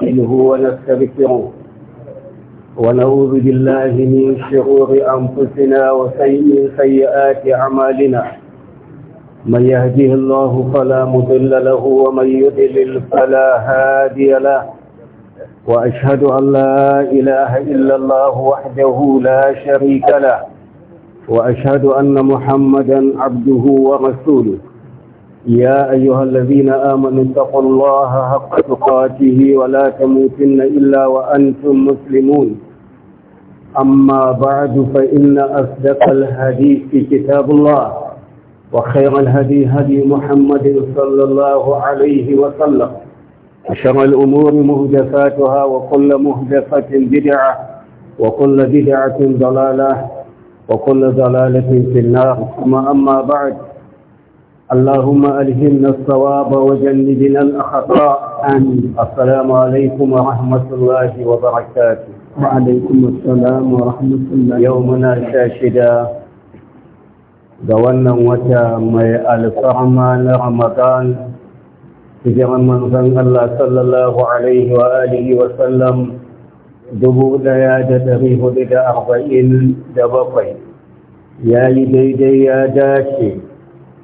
نستعينه ونستغفره ونعوذ بالله من شرور أنفسنا وسيء سيئات أعمالنا من يهده الله فلا مضل له ومن يضلل فلا هادي له وأشهد أن لا إله إلا الله وحده لا شريك له وأشهد أن محمدا عبده ورسوله يا أيها الذين آمنوا اتقوا الله حق تقاته ولا تموتن إلا وأنتم مسلمون أما بعد فإن أصدق الحديث كتاب الله وخير الهدي هدي محمد صلى الله عليه وسلم وشر الأمور مهدفاتها وكل مهدفة بدعة وكل بدعة ضلالة وكل ضلالة في النار ثم أما بعد اللهم ألهمنا الصواب وجنبنا الأخطاء آمين السلام عليكم ورحمة الله وبركاته وعليكم السلام ورحمة الله يومنا شاشدا دوانا وتا مي الفرمان رمضان تجرى من ظن الله صلى الله عليه وآله وسلم دبو ليادة دريه لدى أربعين دبقين يا يدي يا داشي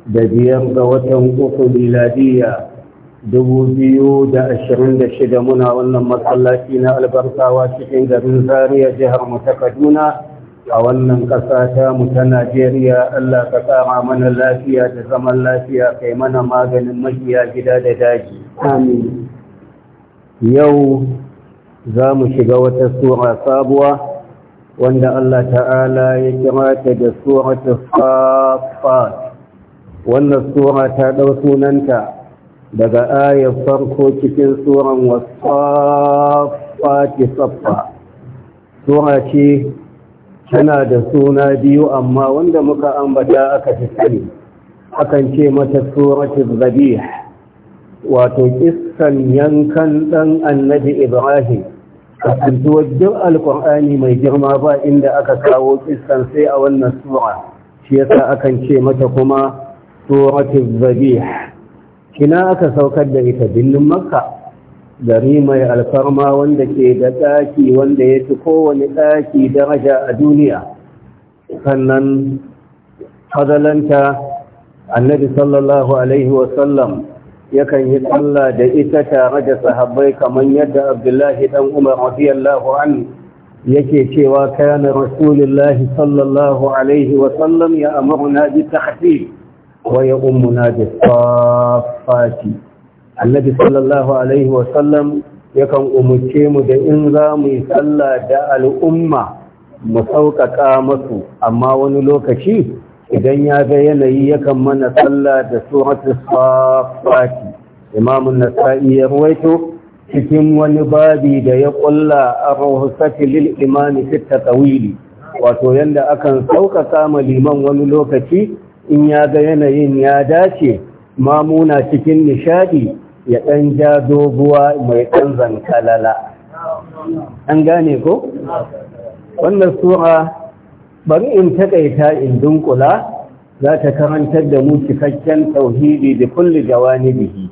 da biyar ga watan uku miladiya dubu biyu da ashirin da shida muna wannan masallaci na albarkawa cikin garin Zariya jihar mu ta kaduna a wannan ƙasa ta mu ta najeriya allah ka tsara mana lafiya da zaman lafiya kai mana maganin majiya gida da daji yau za mu shiga wata sura sabuwa wanda allah ta'ala ya kira ta da suratul safat wannan sura ta ɗau sunanta daga ayar farko cikin suran wasafati saffa sura ce tana da suna biyu amma wanda muka ambata aka fi sani akan ce mata suratul zabih wato kissan yankan ɗan annabi ibrahim kasantuwar duk alkur'ani mai girma ba inda aka kawo kissan sai a wannan sura shi yasa akan ce mata kuma suratul zabih kina aka saukar da ita birnin makka gari mai alfarma wanda ke da ɗaki wanda ya fi kowane ɗaki daraja a duniya sannan fadalanta annabi sallallahu alaihi wasallam yakan yi tsalla da ita tare da sahabbai kamar yadda abdullahi dan umar radiyallahu anhu yake cewa kayan rasulullahi sallallahu alaihi wasallam ya amurna bi tahfif waya ummuna da safati annabi sallallahu alaihi sallam yakan umarce mu da in za mu yi sallah da al'umma mu sauƙaƙa masu amma wani lokaci idan ya ga yanayi yakan mana sallah da suratul safati imamun nasa'i ya ruwaito cikin wani babi da ya kulla a rahusafi lil imani wato yanda akan sauƙaƙa ma liman wani lokaci in ya ga yanayin ya dace mamuna cikin nishadi ya ɗan ja doguwa mai ɗan zankalala an gane ko? wannan sura bari in taƙaita in dunkula za ta karantar da mu cikakken tauhidi da kulli jawanibihi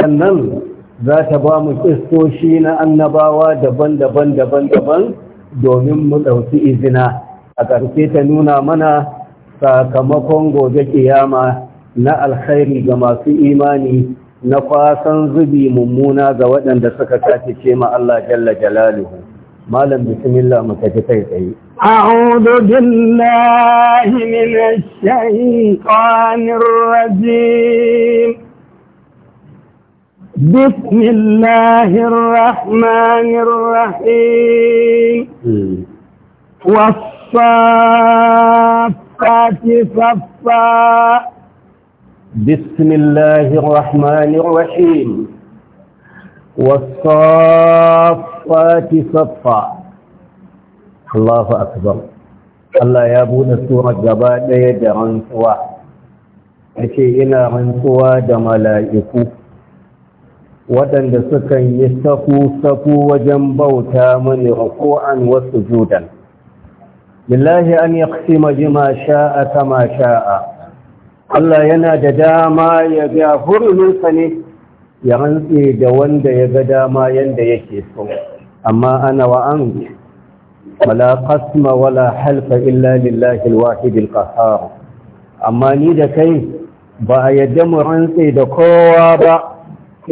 sannan za ta ba mu kistoshi na annabawa daban-daban daban-daban domin mu ɗauki izina a ƙarfe ta nuna mana sakamakon gobe kiyama na alkhairi ga masu imani na kwasan zubi mummuna ga waɗanda suka kace ce ma Allah jalla jalaluhu malam bismillah mu tafi kai tsaye a'udhu billahi minash shaitanir rajim بسم الله الرحمن الرحيم والصلاة والصافات صفا بسم الله الرحمن الرحيم والصافات صفا الله Allah ya buɗe surar gaba ɗaya da rantsuwa, ce ina rantsuwa da mala'iku, waɗanda sukan yi safu-safu wajen bauta mani ruku'an wasu judan. billahi an yaqsima bima sha'a kama sha'a Allah yana da dama ya ga huruminsa ne ya rantse da wanda ya ga dama yanda yake so amma ana wa an wala qasma wala halfa illa lillahi alwahid alqahhar amma ni da kai ba a yadda mu rantse da kowa ba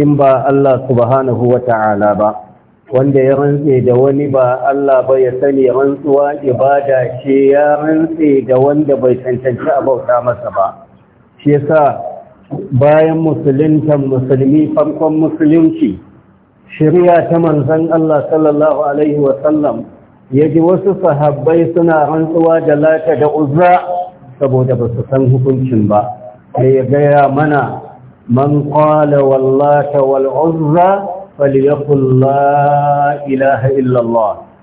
in ba Allah subhanahu wa ta'ala ba wanda ya rantse da wani ba Allah ba ya sani rantsuwa ibada ce ya rantse da wanda bai cancanci a bauta masa ba shi yasa bayan musuluntan musulmi farkon musulunci shirya ta manzon Allah sallallahu alaihi wasallam ya ji wasu sahabbai suna rantsuwa da lata da uzza saboda ba su san hukuncin ba sai ya gaya mana man qala wallata wal uzza falyakul la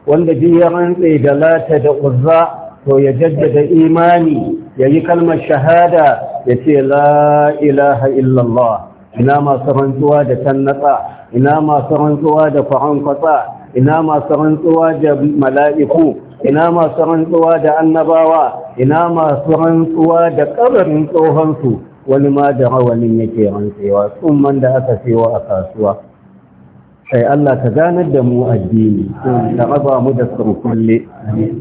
wanda ji ya rantse da lata da uzza to ya jaddada imani ya yi kalmar shahada ya ce la ilaha illallah ina masu rantsuwa da tannatsa ina masu rantsuwa da fahankwatsa ina masu rantsuwa da mala'iku ina masu rantsuwa da annabawa ina masu rantsuwa da ƙabarin tsohonsu wani ma da rawanin yake rantsewa tsumman da aka sewa a kasuwa Sai Allah ta ganar da mu addini ta raba mu da surkulle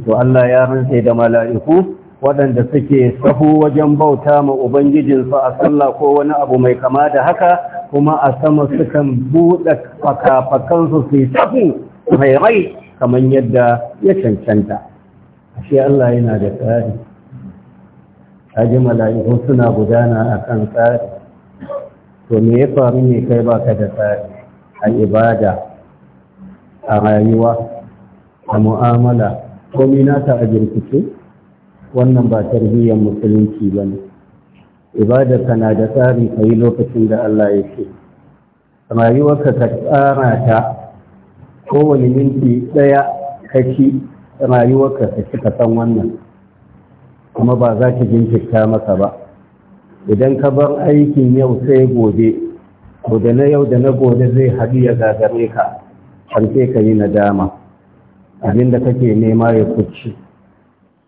to Allah ya rantsa da mala'iku waɗanda suke sahu wajen bauta ma ubangijinsu a sallah ko wani abu mai kama da haka kuma a sama sukan buɗe fakafakansu su sahu mai rai kamar yadda ya cancanta Sai Allah yana da tsari kaji mala'iku suna gudana akan tsari to me ya faru ne kai baka da tsari a ibada a rayuwa a mu'amala komai nata a jirkice wannan ba tarbiyyar musulunci ba ne ibadarka na da tsari ka yi lokacin da Allah ya ce rayuwarka ka tsara ta kowane minti ɗaya kaci rayuwarka ka ka san wannan kuma ba za ki jinkirta maka ba idan ka bar aikin yau sai gobe ko da na yau da na gobe zai haɗu ya gagare ka harfe ka yi nadama abinda kake nema ya kuci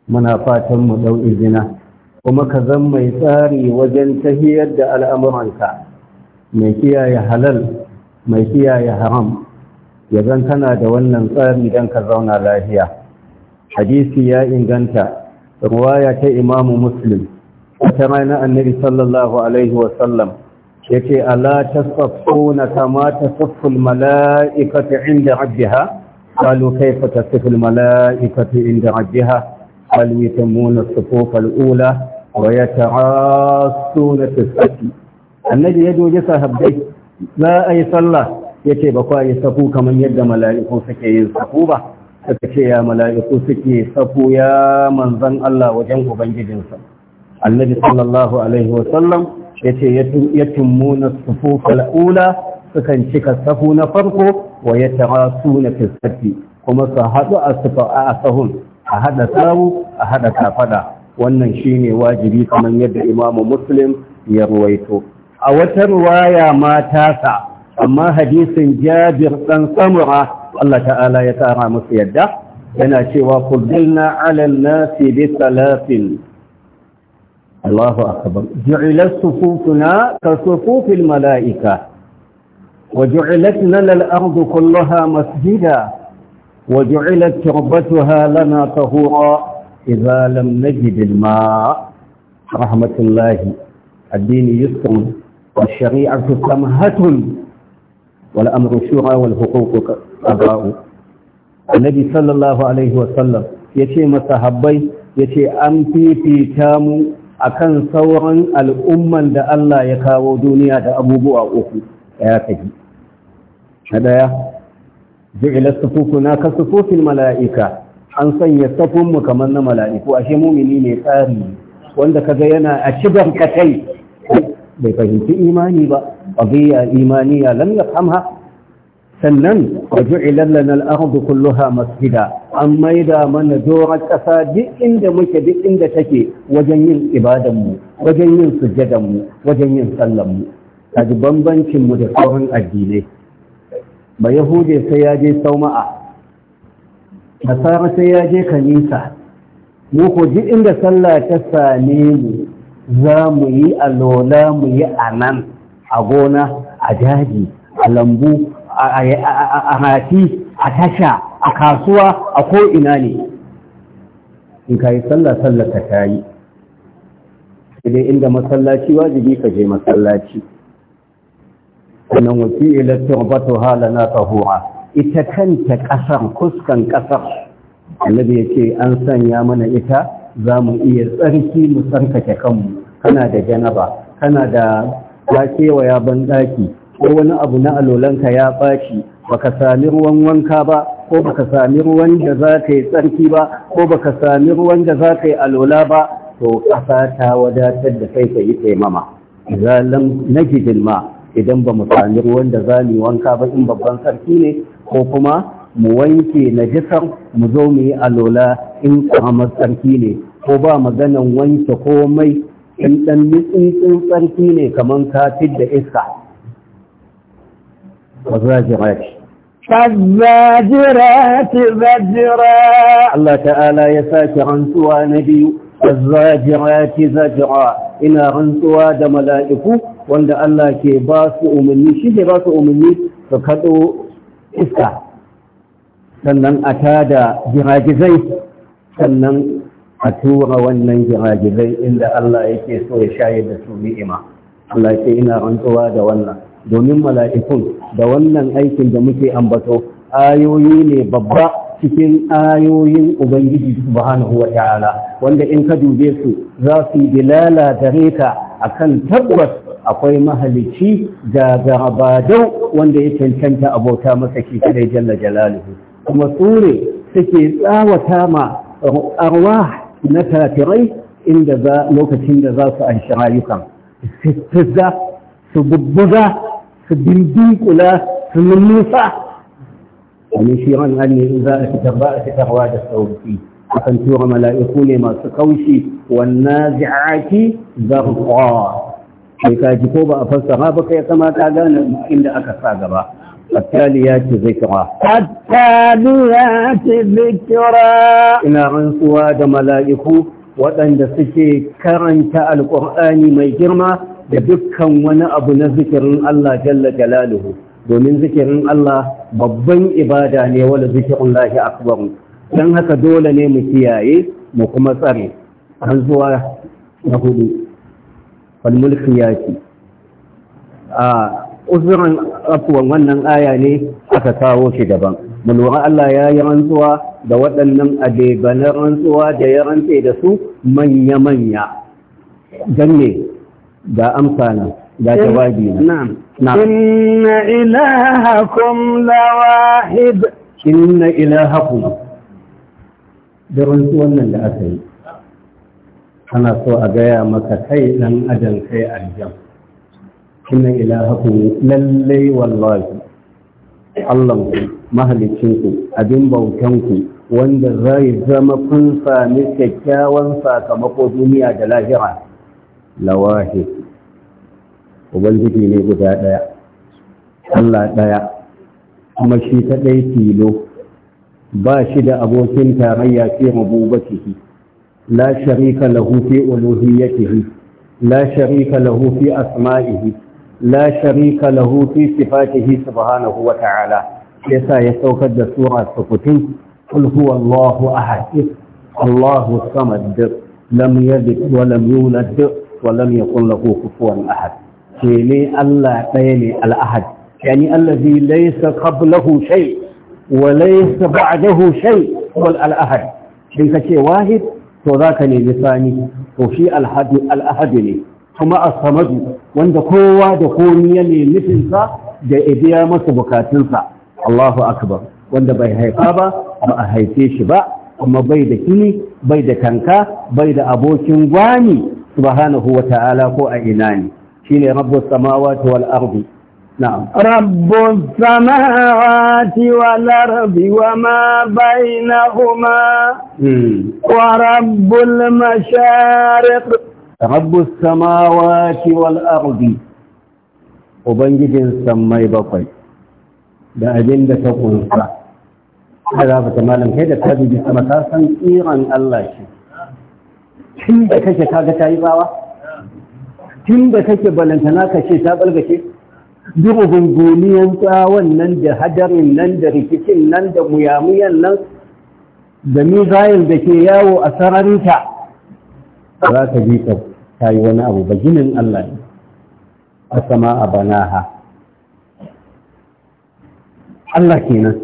muna fatan mu ɗau izina kuma ka zan mai tsari wajen tahiyar da al'amuranka mai kiyaye halal mai kiyaye haram ya zan kana da wannan tsari don ka zauna lafiya hadisi ya inganta ruwaya ta imamu muslim wata rana annabi sallallahu alaihi wasallam yace ala tasaffuna kama tasafful mala'ikatu inda rabbiha qalu kayfa tasafful mala'ikatu inda rabbiha qalu yatamuna as-sufuf al-ula wa yata'assuna as-safi annabi ya doje sahabbai za a yi sallah yace ba kwa yi safu kaman yadda mala'iku suke yin safu ba suka ce ya mala'iku suke safu ya manzon Allah wajen ubangijinsa annabi sallallahu alaihi wa sallam yace na sufufal ula sukan cika safu na farko wa su na safi kuma su haɗu a sufa a sahun a haɗa sawu a haɗa kafada wannan shine wajibi kamar yadda imamu muslim ya ruwaito a wata ruwaya ma tasa amma hadisin jabir ɗan samura Allah ta'ala ya tsara musu yadda yana cewa kuddilna ala nasi bi salatin الله أكبر جعلت صفوفنا كصفوف الملائكة وجعلت لنا الأرض كلها مسجدا وجعلت تربتها لنا طهورا إذا لم نجد الماء رحمة الله الدين يسر والشريعة سمهة والأمر شورى والحقوق قضاء النبي صلى الله عليه وسلم يشي مسحبي يشي أم في في تامو akan sauran al'umman da Allah ya kawo duniya da abubuwa uku ya kaji na daya ji'ila sufufuna ka sufufin mala'ika an sanya safunmu kamar na mala'iku ashe mumini mai tsari wanda kaga yana a cibar katai bai fahimci imani ba imani imaniya lam hamha. sannan wa ju'ilan lana kulluha masjida an maida mana doron ƙasa duk inda muke duk inda take wajen yin ibadanmu mu wajen yin sujjadan mu wajen yin sallan mu ji bambancin da sauran addinai ba yahude sai ya je sauma'a nasara sai ya je kanisa mu ko duk inda sallah ta same mu za mu yi alola mu yi a nan, a gona a daji a lambu a rafi a tasha a kasuwa a ko'ina ne in ka yi sallah sallah ta yi idan inda masallaci wajibi ka je masallaci sannan wasu ilattar bato halana tahura ita kanta ƙasar kuskan ƙasar annabi ya ce an sanya mana ita za mu iya tsarki mu tsarkake kanmu kana da janaba kana da ya kewaya ban ɗaki ko wani abu na alolanka ya ɓaci baka sami ruwan wanka ba ko baka sami ruwan da za ka yi tsarki ba ko baka sami ruwan da za ka yi alola ba to ƙasa ta wadatar da kai ka yi taimama zalam na ma idan ba mu sami ruwan da za mu yi wanka ba in babban sarki ne ko kuma mu wanke na najisar mu zo mu yi alola in ƙaramar tsarki ne ko ba maganan wanke komai in ɗan nutsin tsarki ne kamar ka da iska والزاجرات فالزاجرات زجرا الله تعالى يساك رنسوا نبي والزاجرات زجرا إنا رنسوا دملائكو وند الله كي باس أمني شيء باس أمني فكدوا إسكا sannan a tada jiragizai sannan a tura wannan jiragizai inda Allah yake so ya shayar da su ni'ima Allah ce ina rantsuwa da wannan domin mala'ikun da wannan aikin da muke ambato ayoyi ne babba cikin ayoyin ubangiji subhanahu wa ta'ala wanda in ka dube su za su dilala gare ka akan tabbas akwai mahalici da gabadau wanda ya cancanta abota masa shi kadai jalla jalaluhu kuma tsure suke tsawata ma arwa na tafirai inda lokacin da za su anshi rayukan su bubbuga su dindinkula su nunnusa wani shi an hannu za a fitar ba a fitarwa da sauki akan tura mala'iku ne masu kaushi wannan zi'aki zarqa sai ka ji ko ba a fassara ba kai kama ta gane inda aka sa gaba ce zai التاليات Ina rantsuwa da mala'iku waɗanda suke karanta alƙur'ani mai girma da dukkan wani abu na zikirin Allah jalla jalaluhu domin zikirin Allah babban ibada ne wala zikirin lahi akbar dan haka dole ne mu kiyaye mu kuma tsare an zuwa na hudu wal mulkiyati a uzurin afuwan wannan aya ne aka kawo shi daban mulwa Allah ya yi rantsuwa da waɗannan adebanar rantsuwa da ya rantse da su manya-manya don ne ga amsa na ga jawabi na na'am inna ilahakum lawahid inna ilahakum da rantsuwan wannan da aka yi ana so a gaya maka kai dan ajan kai aljam inna ilahakum lallai wallahi Allah ku mahalicin ku abin bautan ku wanda zai zama kun sami kyakkyawan sakamako duniya da lahira lawahi ubangiji ne guda ɗaya Allah ɗaya kuma shi kaɗai tilo ba shi da abokin tarayya fi rububatihi la sharika lahu fi uluhiyatihi la sharika lahu fi asma'ihi la sharika lahu fi sifatihi subhanahu wa ta'ala yasa ya saukar da sura sukutin qul huwallahu ahad Allahu samad lam yalid wa lam yulad wa lam yakul lahu kufuwan ahad ce ne Allah ɗaya ne al'ahad yani allazi laisa qablahu shay wa laisa ba'dahu shay wal al'ahad shi ka ce wahid to zaka nemi Sani, to shi al'ahad ne kuma a samadu, wanda kowa da komi ya ne nufin sa da ibiya masa bukatunsa Allahu akbar wanda bai haifa ba ba a haife shi ba kuma bai da kini bai da kanka bai da abokin gwani subhanahu wa ta'ala ko a ina ne shine rabbus samawati wal ardi na'am rabbus samawati wal ardi wama bainahuma hmm. wa rabbul mashariq rabbus samawati wal ardi ubangijin sammai bakwai da abin da ta kunsa da za malam kai da ta bi sama ta san tsiran Allah shi tun da kake kaga ta yi bawa tun da kake balantana ka ce ta ɓalgace duhun goniyan tsawon nan da hadarin nan da rikicin nan da muyamuyan nan da mizayin da ke yawo a sararinta za ka ji ka yi wani abu ba ginin Allah ne a sama a banaha Allah kenan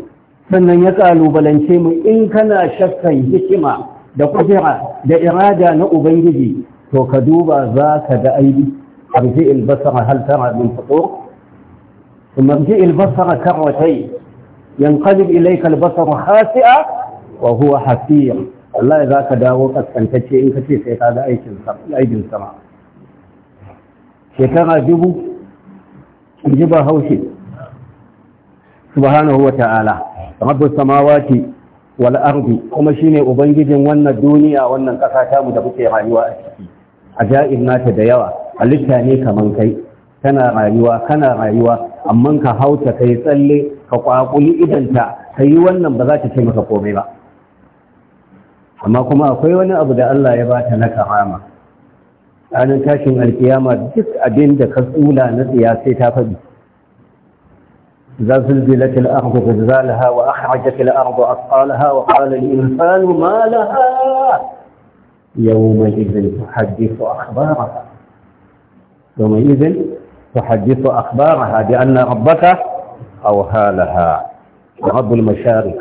sannan ya kalubalance mu in kana shakkan hikima da kudura da irada na Ubangiji to ka duba za ka ga aibi arji albasara hal tara min fitur ثم ارجع البصر كرتين ينقلب إليك البصر خاسئا وهو حسير الله zaka dawo قسكنتacce in kace sai ka ga aikin aikin ma? shekara dubu inji ba haushi subhanahu wataala rabbus samawati wal ardi kuma shine ubangijin wannan duniya wannan kasa ta mu da muke rayuwa a ciki A ajaib nata da yawa halitta ne kaman kai kana rayuwa kana rayuwa amma ka hau, ta kai tsalle ka kwakuli idanta ka yi wannan ba za ta ce maka komai ba amma kuma akwai wani abu da Allah ya bata na karama ranar tashin alkiyama duk abin da ka tsula na tsiya sai ta faɗi زلزلت الأرض زلزالها وأخرجت wa أثقالها وقال الإنسان ما لها يومئذ تحدث أخبارها يومئذ تحدث أخبارها بأن ربك أوهى لها رب المشارق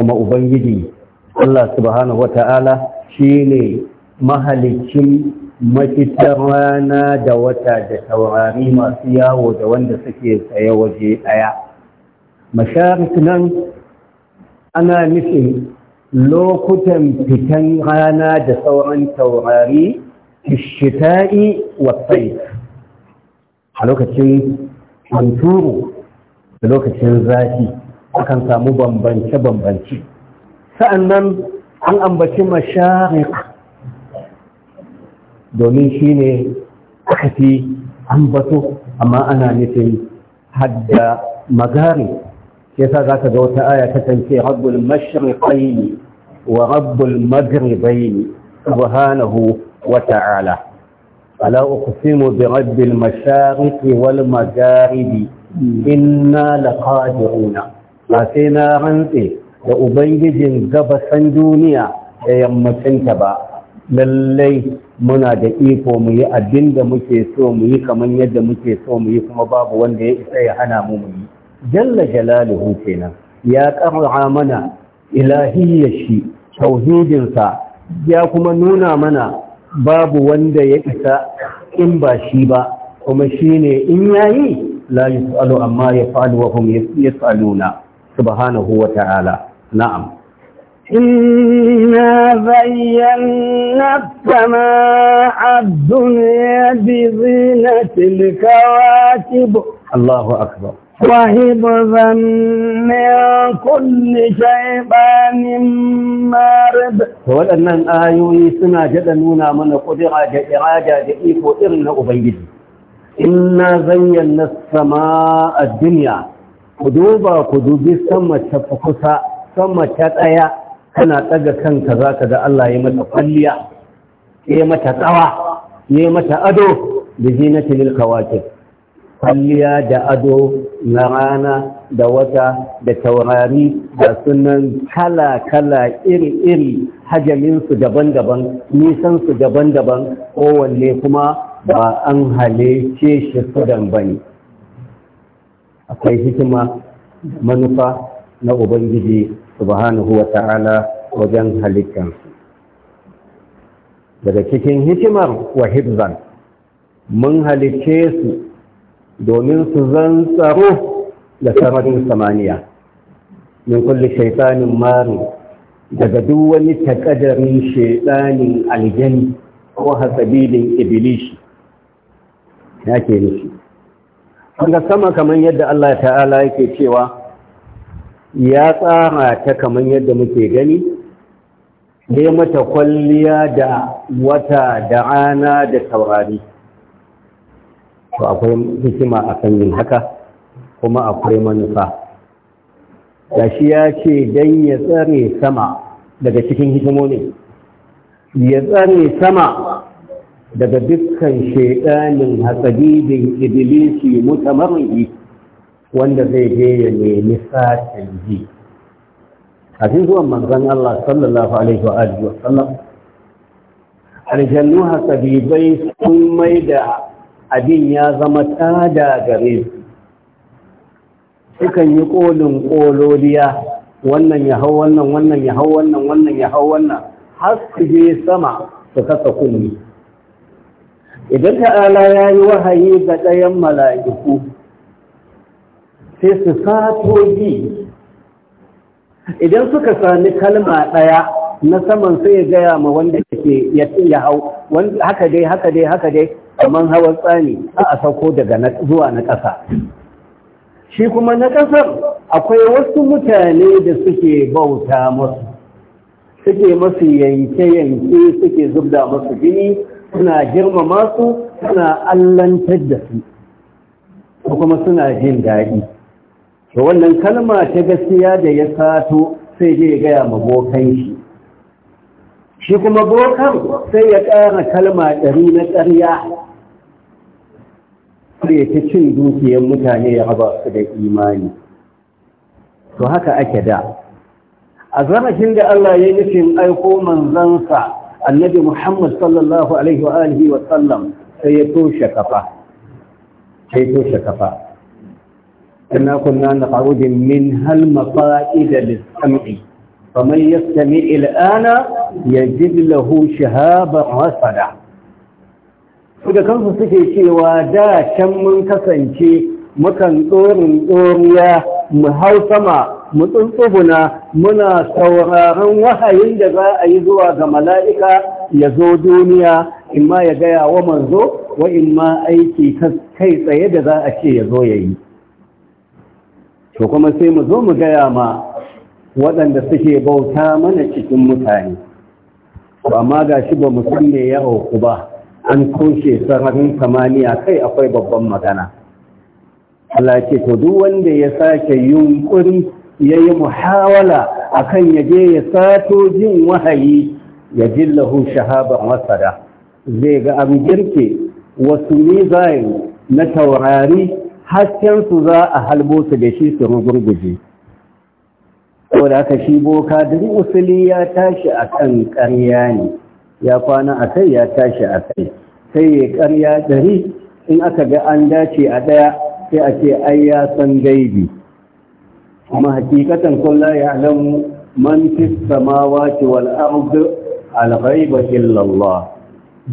kuma Ubangiji Allah subhanahu wa ta'ala shi ne mahalicin mafitar rana da wata da taurari masu yawo da wanda suke tsaye waje ɗaya. Masharik nan ana nufin lokutan fitan rana da sauran taurari shita'i wasai a lokacin hunturu da lokacin zafi akan samu bambance-bambance sa'annan an ambaci masharik domin shi ne aka fi ambato amma ana nufin hadda magari yasa za ka ga wata aya ta tance rabbul mashriqaini wa rabbul magribaini subhanahu wa ta'ala ala uqsimu bi rabbil mashariqi wal magharibi na. laqadiruna sai na rantse da ubangijin gabasan duniya da yammacin ta ba lallai muna da iko muyi abinda muke so muyi yi kamar yadda muke so muyi kuma babu wanda ya isa ya hana mu muyi. yi jalla jalaluhu kenan ya qara mana shi. tauhidinsa ya kuma nuna mana babu wanda ya isa in ba shi ba kuma shi ne in yayi la yus'alu amma yaf'alu wa hum yus'aluna subhanahu wa ta'ala na'am إنا زينا السماء الدنيا بزينة الكواكب الله أكبر وحفظا من كل شيطان مارد waɗannan ayoyi suna jada nuna mana ƙudura da irada da iko irin na ubangiji inna na sama a duniya ku duba ku dubi sama ta kusa sama ta ɗaya kana ɗaga kanka za ka ga Allah ya mata kwalliya ya mata tsawa ya mata ado da zinatin kawakir kwalliya da ado na rana da wata da taurari da sunan kala-kala iri-iri hajjaminsu daban-daban nisansu daban-daban kowanne kuma ba an halice shi sudan ba akwai hikima manufa na ubangiji subhanahu wa ta'ala wajen halittansu daga cikin hikimar Wahibzan mun halicce su domin su zan tsaro da sararin samaniya min kulli shaitanin mari daga duk wani takadarin shaitanin aljani ko hasabilin ibilishi ya ke nufi daga sama kamar yadda Allah ta'ala yake cewa ya tsara ta kamar yadda muke gani ne mata kwalliya da wata da rana da taurari to akwai hikima a kan yin haka kuma akwai manufa da shi ya ce don ya tsare sama daga cikin hikimomi ya tsare sama daga dukkan shaidanin hatsabibin ibilisi mutamarri wanda zai je ya nemi satan ji a cikin zuwan manzan Allah sallallahu alaihi wa alihi wa sallam aljannu hasabibai sun mai da abin ya zama tsada gare su sukan yi ƙolin ƙololiya wannan ya hau wannan wannan ya hau wannan wannan ya hau wannan har su je sama su kasa kunni idan ta'ala ya yi wahayi ga ɗayan mala'iku sai su sato ji idan suka sami kalma ɗaya na saman sai ya gaya ma wanda ke ya hau haka dai haka dai haka dai kamar hawan tsani a sauko daga zuwa na ƙasa shi kuma na ƙasar akwai wasu mutane da suke bauta masu suke masu yanke-yanke suke zubda masu jini suna girmama su suna allantar da su kuma suna jin daɗi to wannan kalma ta gaskiya da ya sato sai dai gaya mabokan shi shi kuma bokan sai ya ƙara kalma ɗari na ƙarya ya ta cin dukiyar mutane ya raba su da imani to haka ake da a zarafin da Allah ya nufin aiko manzansa annabi Muhammad sallallahu alaihi wa wa sallam sai ya toshe kafa sai toshe kafa inna min hal maqaida lis فمن يستمع الآن يجد له شهابا رصدا da kansu suke cewa da can mun kasance mukan tsorin tsoriya mu hau sama mu tsuntsuguna muna sauraron wahayin da za a yi zuwa ga mala'ika ya zo duniya ma ya gaya wa manzo wa ma aiki kai tsaye da za a ce ya zo ya yi to kuma sai mu zo mu gaya ma waɗanda suke bauta mana cikin mutane Ba amma ga shi ba mutum ne ya auku ba an koshe sararin samaniya kai akwai babban magana Allah to duk wanda ya sake yunkuri ya yi muhawala a kan yaje ya sato jin wahayi ya jillahu shahaban wasada zai ga abu girke wasu mizayin na taurari haskensu za a halbo su da shi su rugurguje saboda shi boka duk usuli ya tashi akan ƙarya ne ya kwana akai ya tashi akai sai ya ƙarya ɗari, in aka ga an dace a ɗaya sai a ce ai ya san gaibi kuma hakikatan kulla ya alamu man fi samawati wal ard al ghaiba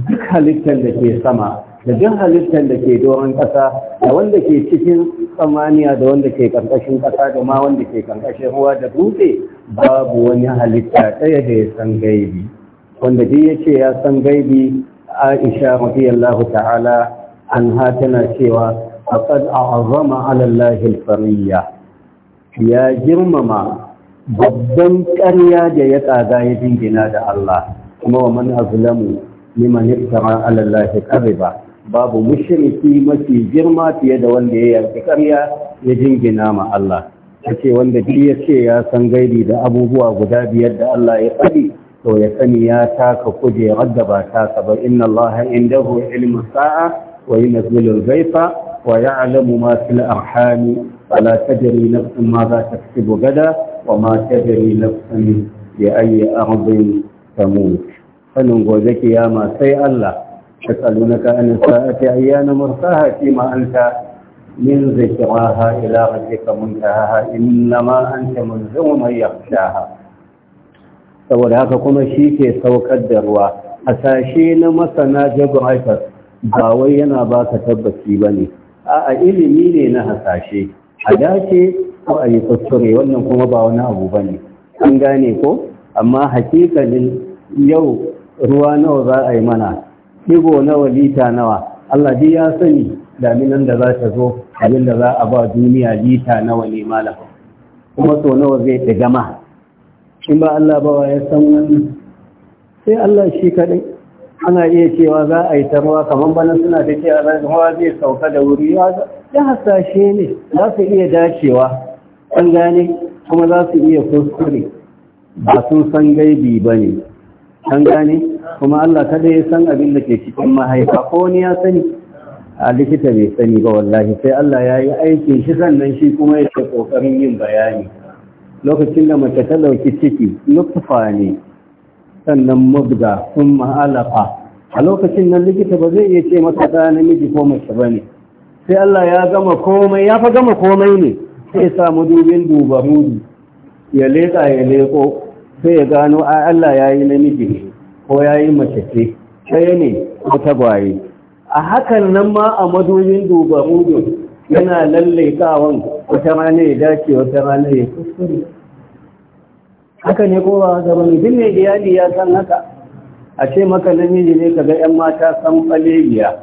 duk halittar da ke sama da duk halittar da ke doron ƙasa da wanda ke cikin tsamaniya da wanda ke ƙarƙashin ƙasa da ma wanda ke ƙarƙashin ruwa da dutse babu wani halitta ɗaya da ya san gaibi wanda duk ya ce ya san gaibi aisha radiyallahu ta'ala anha tana cewa a a'azzama 'ala allahi al-fariyya ya girmama babban ƙarya da ya tsada ya dingina da Allah kuma wa man azlamu liman iftara 'ala allahi kadhiba babu mushriki mafi girma fiye da wanda ya yarda ƙarya ya jingina ma Allah yace wanda duk ya ce ya san gaibi da abubuwa guda biyar da Allah ya faɗi to ya sani ya taka kujerar da ba ta ba inna Allah indahu ilmu sa'a wa yunzilu al-ghaifa ويعلم ما tajri الأرحام ma za ta kasibu gada wa ma tajri نفس بأي أرض تموت tamut sanin gobe kiyama sai Allah. يسألونك عن الساعة أيان مرساها فيما أنت من ذكراها إلى ربك منتهاها إنما أنت منذر من يخشاها saboda haka kuma shi ke saukar da ruwa hasashe na masana geographer ba wai yana ba ka tabbaci ba ne a ilimi ne na hasashe a dace ko a yi kuskure wannan kuma ba wani abu ba ne an gane ko amma hakikalin yau ruwa nawa za a yi mana kigo nawa lita nawa Allah dai ya sani daminan da za ta zo abin da za a ba duniya lita nawa ne malafa kuma so nawa zai ɗiga ma in ba Allah ba ya san wannan sai Allah shi kaɗai ana iya cewa za a yi ta ruwa kamar bana suna da ke a ruwa zai sauka da wuri ya hasashe ne za su iya dacewa an kuma za su iya kuskure ba sun san gaibi ba ne an gane kuma Allah ta ya san abin da ke cikin mahaifa ko ni ya sani a likita bai sani ba wallahi sai Allah ya yi aikin shi sannan shi kuma ya ce kokarin yin bayani lokacin da mace ta dauki ciki nutfa ne sannan mubga sun ma'alafa a lokacin nan likita ba zai iya ce masa da namiji ko mace ba ne sai Allah ya gama komai ya fa gama komai ne sai samu dubin dubaru ya leƙa ya leƙo sai ya gano a Allah ya yi namiji ne ko ya yi mace ce ɗaya ne ko tagwaye a hakan nan ma a madoyin duba hudun yana kawon wata rana ya dace wata rana ya kuskure haka ne ko ba gaba mutum ne iyali ya san haka a ce maka namiji ne kaga yan mata san falebiya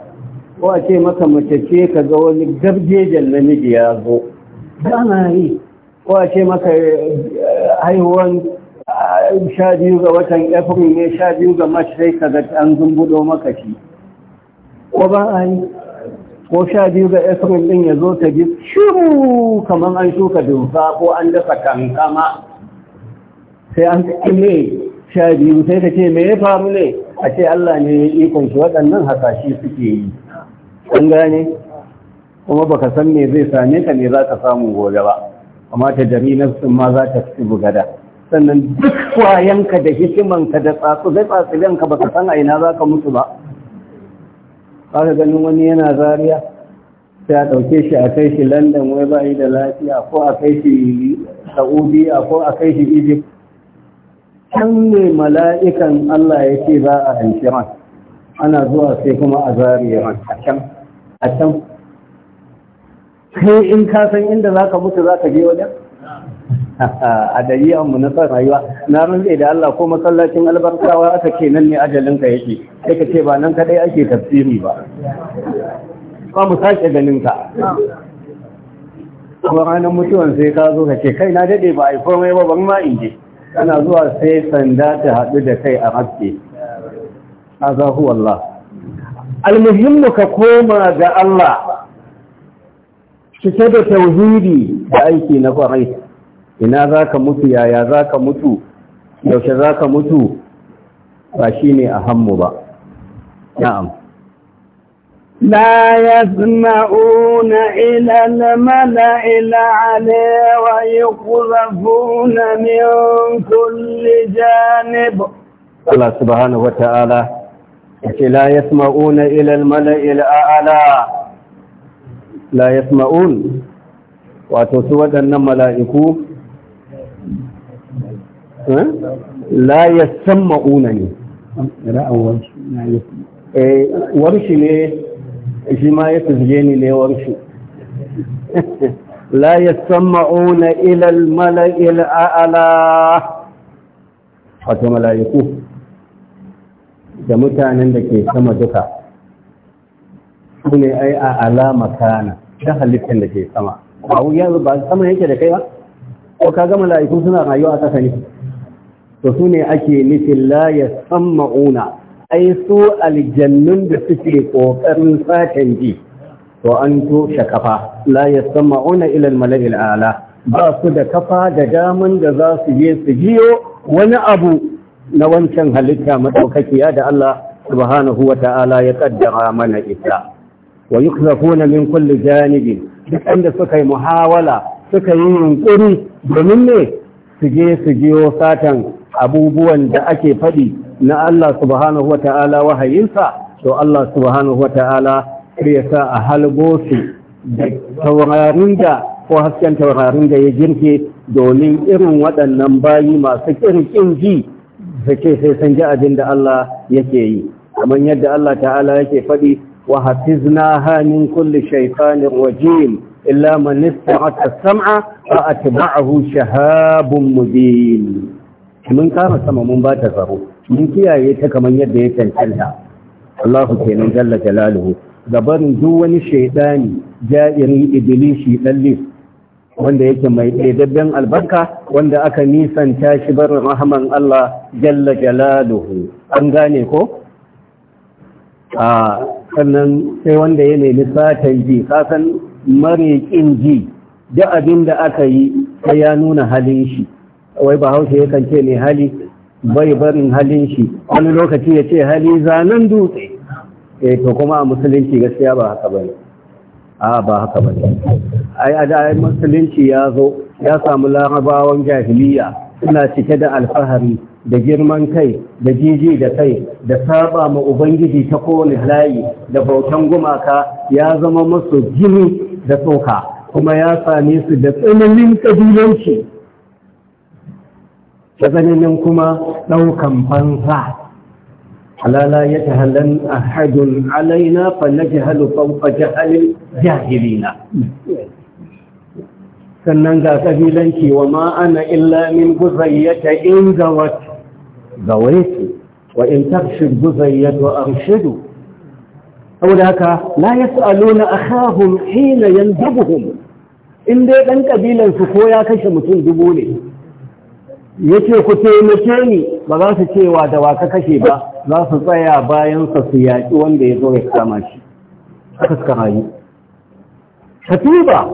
ko a ce maka mace ce kaga wani gabjejen namiji ya zo ana yi ko a ce maka eh, haihuwan sha biyu ga watan Efirin ne sha biyu ga march sai ka ga an zumbudo maka shi ko ba a yi ko sha biyu ga Efirin din ya zo ta ji shiru kamar an shuka dunfa ko an dasa kankama sai an ne sha biyu sai ka ce me ya faru ne a ce Allah ne ya ikon shi waɗannan hasashi suke yi an gane kuma baka san me zai same ka ne za ka samu gobe ba amma ta jami sun ma za ta fi bugada sannan duk kwayanka da hikimanka da tsatsu zai tsatsulenka ba ka san a ina za ka mutu ba ba ka ganin wani yana zariya sai a ɗauke shi a kai shi london wai ba yi da lafiya ko a kai shi a ko a kai shi egypt can ne mala'ikan allah ya ce za a hanshi ran ana zuwa sai kuma a zariya ran a can a can sai in ka san inda za ka mutu za ka je wajen a dariyan mu na son rayuwa na rantse da Allah ko masallacin albarkawa aka ce nan ne ajalin ka yake sai ka ce ba nan kadai ake tafsiri ba ba mu sake ganin ka ko ranar mutuwan sai ka zo ka ce kai na dade ba a komai ba ban ma in ana zuwa sai sanda ta haɗu da kai a haske azahu Allah almuhimmu ka koma ga Allah cike da tauhidi da aiki na kwarai ina za ka mutu yaya za ka mutu yaushe za ka mutu ba shi ne a hannu ba na'am La ya suna una ila lamala ila alewa yi kura funa miyan kulle janibu. Allah subhanahu wa ta'ala, a ce la ya suna una ila lamala ila ala, la ya suna wato su waɗannan mala'iku Eh? la yasamma'una ne eh, warshi ne shi ma ya tuzge ni ne warshi la yasamma'una ila al-mala'i al-a'la wato mala'iku da mutanen da ke sama duka ne ai a alama kana Da halittar da ke sama ba yanzu ba sama yake da kai ba ko ka gama mala'iku suna rayuwa a ƙasa ne to su ne ake nufin la ya samma'una ai su aljannun da suke ƙoƙarin satan ji to an toshe kafa la ya samma'una ilal mala'il ala ba su da kafa da daman da za su je su jiyo wani abu na wancan halitta madaukakiya da Allah subhanahu wa ta'ala ya kaddara mana ita wa yukzafuna min kulli janibi? duk inda suka yi muhawala suka yi yunkuri domin ne su je su jiyo satan abubuwan da ake faɗi na Allah subhanahu wa ta'ala wahayinsa to Allah subhanahu wa ta'ala ya sa a halgo su da taurarin da ko hasken taurarin da ya girke domin irin waɗannan bayi masu ƙirƙin ji suke sai sun ji abin da Allah yake yi kamar yadda Allah ta'ala yake faɗi wa hafizna hamin kulli shaytanir rajim illa manista sam'a a atba'ahu shahabun mubin mun kama sama mun ba ta tsaro mun kiyaye ta kamar yadda ya cancanta Allahu kenan jalla jalaluhu barin duk wani shaidani ja'iri iblisi dallis wanda yake mai ɗaidabben albarka wanda aka nisanta shi barin rahman Allah jalla jalaluhu an gane ko a sannan sai wanda ya nemi satan ji kasan mare kin ji duk abin da aka yi sai ya nuna halin shi wai ba hausa yakan ce ne hali bai barin halin shi wani lokaci ya ce hali zanen dutse E, to kuma a musulunci gaskiya ba haka bane a ba haka bane ai da musulunci ya zo ya samu larabawan jahiliya suna cike da alfahari da girman kai da jiji da kai da saba ma ubangiji ta kowane layi da bautan gumaka ya zama masu jini da tsoka kuma ya same su da tsananin kabilanci da tsananin kuma ɗaukan fansa halala ya tahalan ahadun alaina fallaji halu fauka jahalin jahilina sannan ga ƙabilanci wa ma'ana illa min guzayyata in gawat gawaitu wa in tafshid guzayyatu arshidu saboda haka la yas'aluna akhahum hina yanzabuhum in dai dan kabilan su ko ya kashe mutum dubu ne ya ce ku taimake ni ba za su cewa da ka kashe ba za su tsaya bayansa su yaƙi wanda ya zo ya kama shi aka suka hayi katiba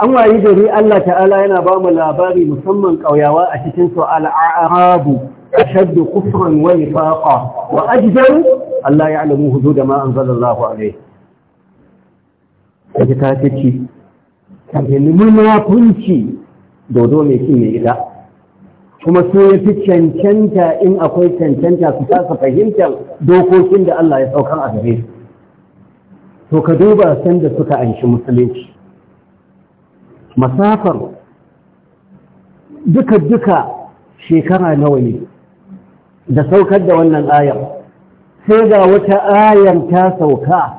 an wayi gari Allah ta'ala yana ba mu labari musamman ƙauyawa a cikin su al'arabu ashaddu kufran wa nifaqa wa ajdaru Allah Ya ya'lamu hudud ma anzalallahu alayhi kaje ta ce ci kan ne munafunci dodo mai kin ne ita kuma su ya fi cancanta in akwai cancanta su kasa fahimtar dokokin da Allah ya saukan a gare su to ka duba sanda suka anshi musulunci masafar duka-duka shekara nawa ne da saukar da wannan ayar sai ga wata ayar ta sauka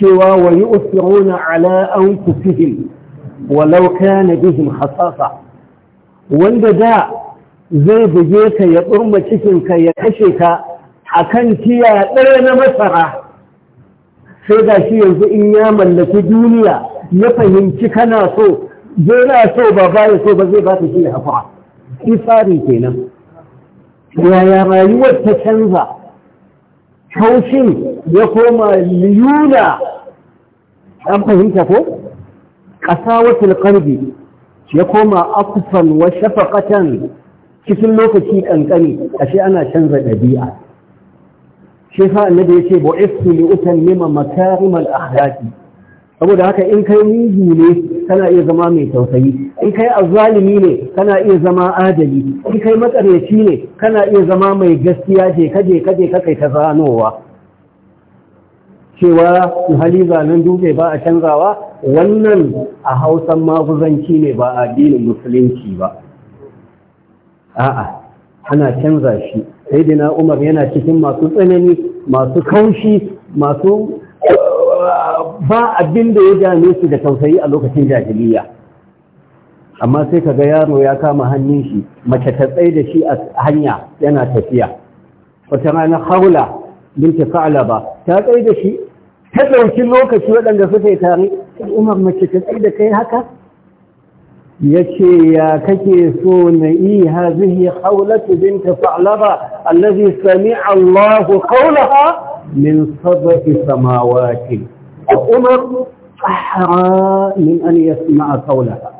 cewa wa yi usiruna ala an kufihim walau kana bihim hasasa wanda da zai buge ka ya ɓurma cikinka ya kashe ka a kan tiya ɗaya na masara sai ga shi yanzu in ya mallaki duniya ya fahimci kana so zai na so ba ba ya so ba zai ba ta shi hafa tsari kenan yaya rayuwar ta canza haushin ya koma liyuna an fahimta ko ƙasa wasu ya koma akufan wa shafaƙatan cikin lokaci kankani ashe ana canza ɗabi'a shi fa annabi yace ne li utammima makarimal akhlaqi saboda haka in kai mugu ne kana iya zama mai tausayi in kai azzalimi ne kana iya zama adali in kai matsaraci ne kana iya zama mai gaskiya je kaje kaje ka kai ta zanowa cewa hali zanen dutse ba a canzawa wannan a hausan maguzanci ne ba a addinin musulunci ba a'a ana canza shi Sai dina umar yana cikin masu tsanani masu kaushi masu uh, ba abin da ya dame su da tausayi a lokacin jahiliya amma sai kaga yaro ya kama hannun shi mace ta tsaye da shi a hanya yana tafiya wata rana haula binti ba ta tsaye da shi ta ɗauki lokaci waɗanda suka yi tare umar mace ta tsaye da kai haka yace ya kake so na yi hazihi khawlatu binta fa'laba allazi sami'a Allahu qawlaha min sab'i samawati Umar ahra min an yasma'a qawlaha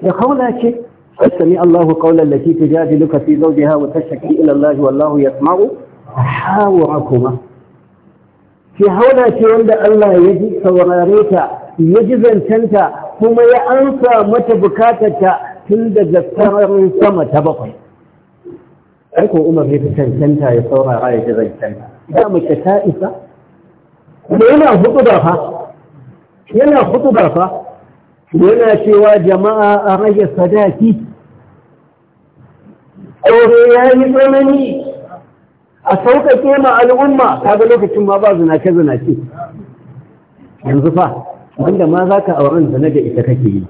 ya qawla ce sami Allahu qawla allati tujadiluka fi zawjiha wa tashki ila Allah wallahu yasma'u tahawurakuma ki haula ce wanda Allah ya ji saurare ta ya ji zancanta kuma ya ansa mata bukatarta tun daga sararin sama ta bakwai aiko umar ya fi cancanta ya saurara ya ji zancanta da mace ta isa da yana hudu da fa yana hudu da fa yana cewa jama'a a rage sadaki aure ya yi tsanani a sauƙaƙe ma al'umma Ta ga lokacin ma ba zinace zinace yanzu fa wanda ma za ka auren zane da ita kake yi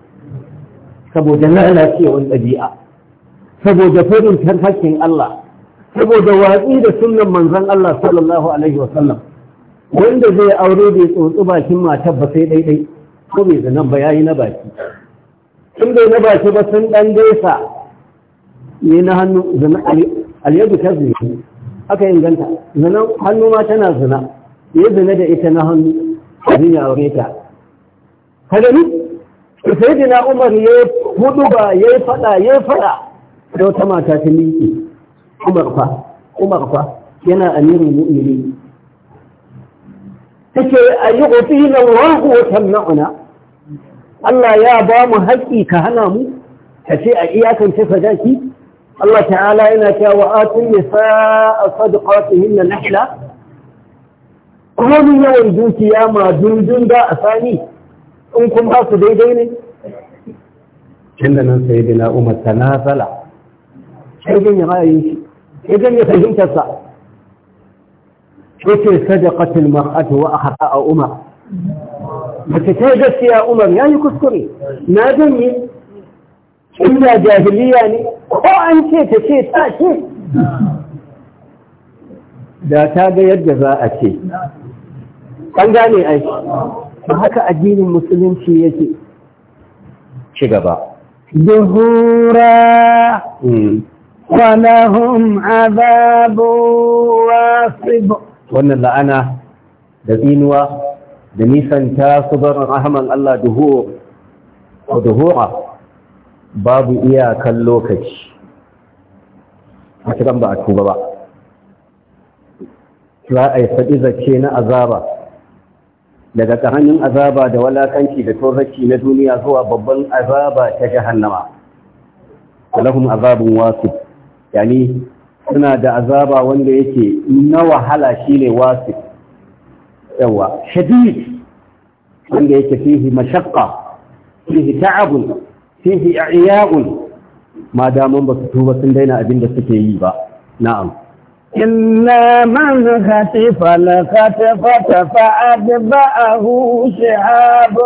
saboda lalacewar ɗabi'a saboda fadin hakkin Allah saboda watsi da sunan manzon Allah sallallahu alaihi wasallam wanda zai aure bai tsotsi bakin matar ba sai daidai ko bai zanen ba ya yi na baki in bai na baki ba sun ɗan gaisa ne na hannu zana alyadu ta zuwa aka inganta zanen hannu ma tana zina ya zana da ita na hannu abin ya aure ta ka gani sayyidina umar ya hudu ba ya fada ya fada da wata mata ta miki umar fa umar fa yana amirin mu'mini take ayyuqina wa huwa tamna'una Allah ya ba mu haƙƙi ka hana mu ka ce a ce sadaki Allah ta'ala yana cewa wa atun nisaa sadaqatihin nahla kuma mun yawan dukiya ma dundun da asani in kun ba su daidai ne inda nan sai dina umar ta nazala sai ganye ra'ayin shi sai ganye fahimtarsa sai ce sadaqatul mar'atu wa ahqa umar mace ta gaskiya umar yayi kuskure na ganye inda jahiliya ne ko an ce ta ce ta ce da ta ga yadda za a ce an gane aiki ba haka addinin musulunci yake ci gaba zuhura hmm. walahum azabu wasib wannan la'ana da zinuwa da ta su barin rahaman Allah duhura babu iyakan lokaci a cikin ba a tuba ba za a yi faɗi zace na azaba daga tsananin azaba da walakanci da tsoraki na duniya zuwa babban azaba ta jahannama lahum azabin wasu. yani suna da azaba wanda yake na wahala shine wasif yawa shadid wanda yake fihi mashaqqa fihi ta'abun fihi i'ya'un ma daman ba su tuba sun daina abin da suke yi ba na'am إلا من خسف الخسفة فأتبعه شهاب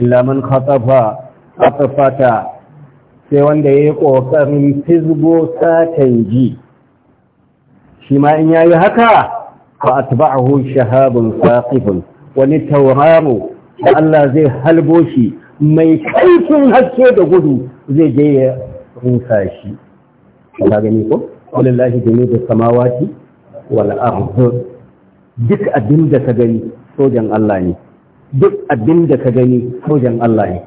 إلا من sai wanda yayi ƙoƙarin fizgo satan shi ma in ya yi haka ba a taba a wani tauraro Allah zai halbo shi mai kaifin haske da gudu zai je ya rusa shi. walillahi junudu samawati wal ardh duk abin da ka gani sojan Allah ne duk abin da ka gani sojan Allah ne